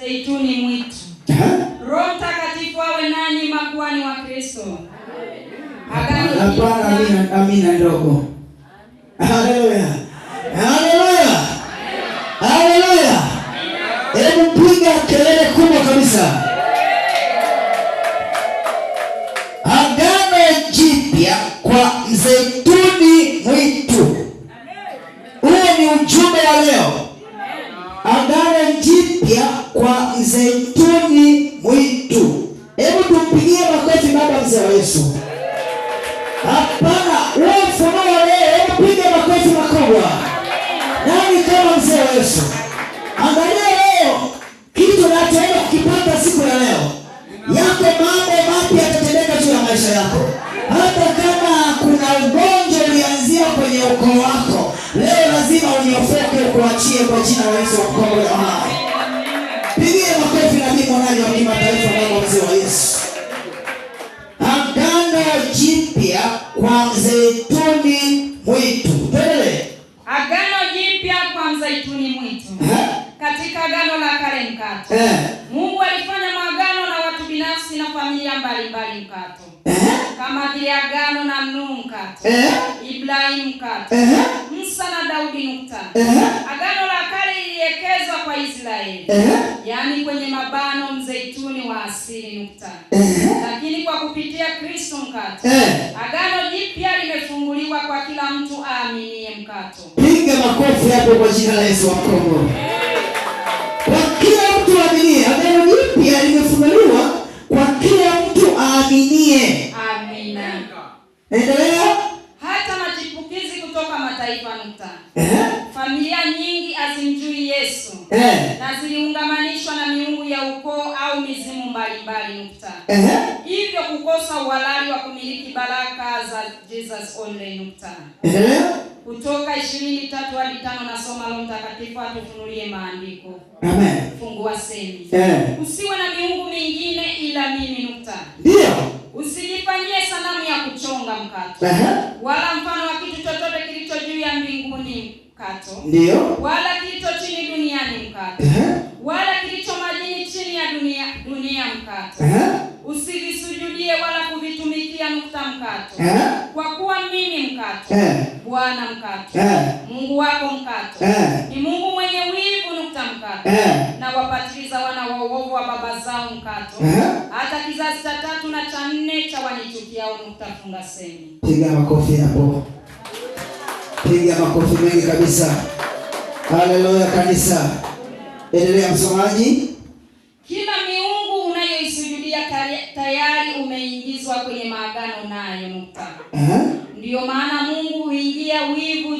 Zaituni mwitu. Roho Mtakatifu awe nanyi makuani wa Kristo. Amina, amina ndogo. Haleluya. Haleluya. Haleluya. Hebu piga kelele kubwa kabisa. Agano jipya kwa mzeituni mwitu. Huo ni ujumbe wa leo. Agano jipya mzeituni mwitu. Hebu tumpigie makofi baba mzee wa Yesu. Hapana, wewe mfanao leo, hebu piga makofi makubwa. Nani kama mzee wa Yesu? Angalia leo kitu unachoenda kukipata siku ya leo, yako mambo mapya yatatendeka juu ya maisha yako, hata kama kuna ugonjwa ulianzia kwenye ukoo wako, leo lazima unyofoke, kuachie kwa jina la Yesu mkono wa jipya kwa mzeituni mwitu. Tele. Agano jipya kwa mzeituni mwitu. Eh? Katika agano la kale mkato, eh? Mungu alifanya maagano na watu binafsi na familia mbalimbali mkato, eh? kama vile agano na Nuhu mkato, Ibrahimu mkato, Musa na Daudi nukta. Agano la kale alielekezwa kwa Israeli uh -huh. yaani kwenye mabano mzeituni wa asili nukta uh -huh. lakini kwa kupitia Kristo mkato uh -huh. agano jipya limefunguliwa kwa kila mtu aaminie mkato. Piga makofi hapo kwa jina la Yesu wa Kongo. uh kwa kila mtu aaminie, agano jipya limefunguliwa kwa kila mtu aaminie. Amina, endelea. hata machipukizi kutoka mataifa nukta uh -huh. Familia nyingi azimjui Yesu eh, na ziliungamanishwa na miungu ya ukoo au mizimu mbalimbali nukta eh, hivyo kukosa uhalali wa kumiliki baraka za Jesus Only nukta eh, Kutoka ishirini tatu hadi tano nasoma Roho Mtakatifu atufunulie maandiko. Amen. Fungua semi eh, usiwe na miungu mingine ila mimi nukta, ndio usijifanyie sanamu ya kuchonga mkate eh, wala mfano mkato, ndio wala kito chini duniani mkato, uh wala kilicho majini chini ya dunia dunia mkato, uh-huh. usivisujudie wala kuvitumikia nukta mkato, uh kwa kuwa mimi mkato, uh Bwana mkato, uh Mungu wako mkato, uh ni Mungu mwenye wivu nukta mkato, uh na wapatiliza wana wa uovu wa baba zao mkato, uh hata kizazi cha tatu na cha nne cha wanitukiao nukta. Funga semi, piga makofi hapo. Piga makofi mengi kabisa. Haleluya kanisa. Endelea msomaji. Kila miungu unayoisujudia tayari umeingizwa kwenye maagano nayo nukta. Ndiyo maana Mungu huingia wivu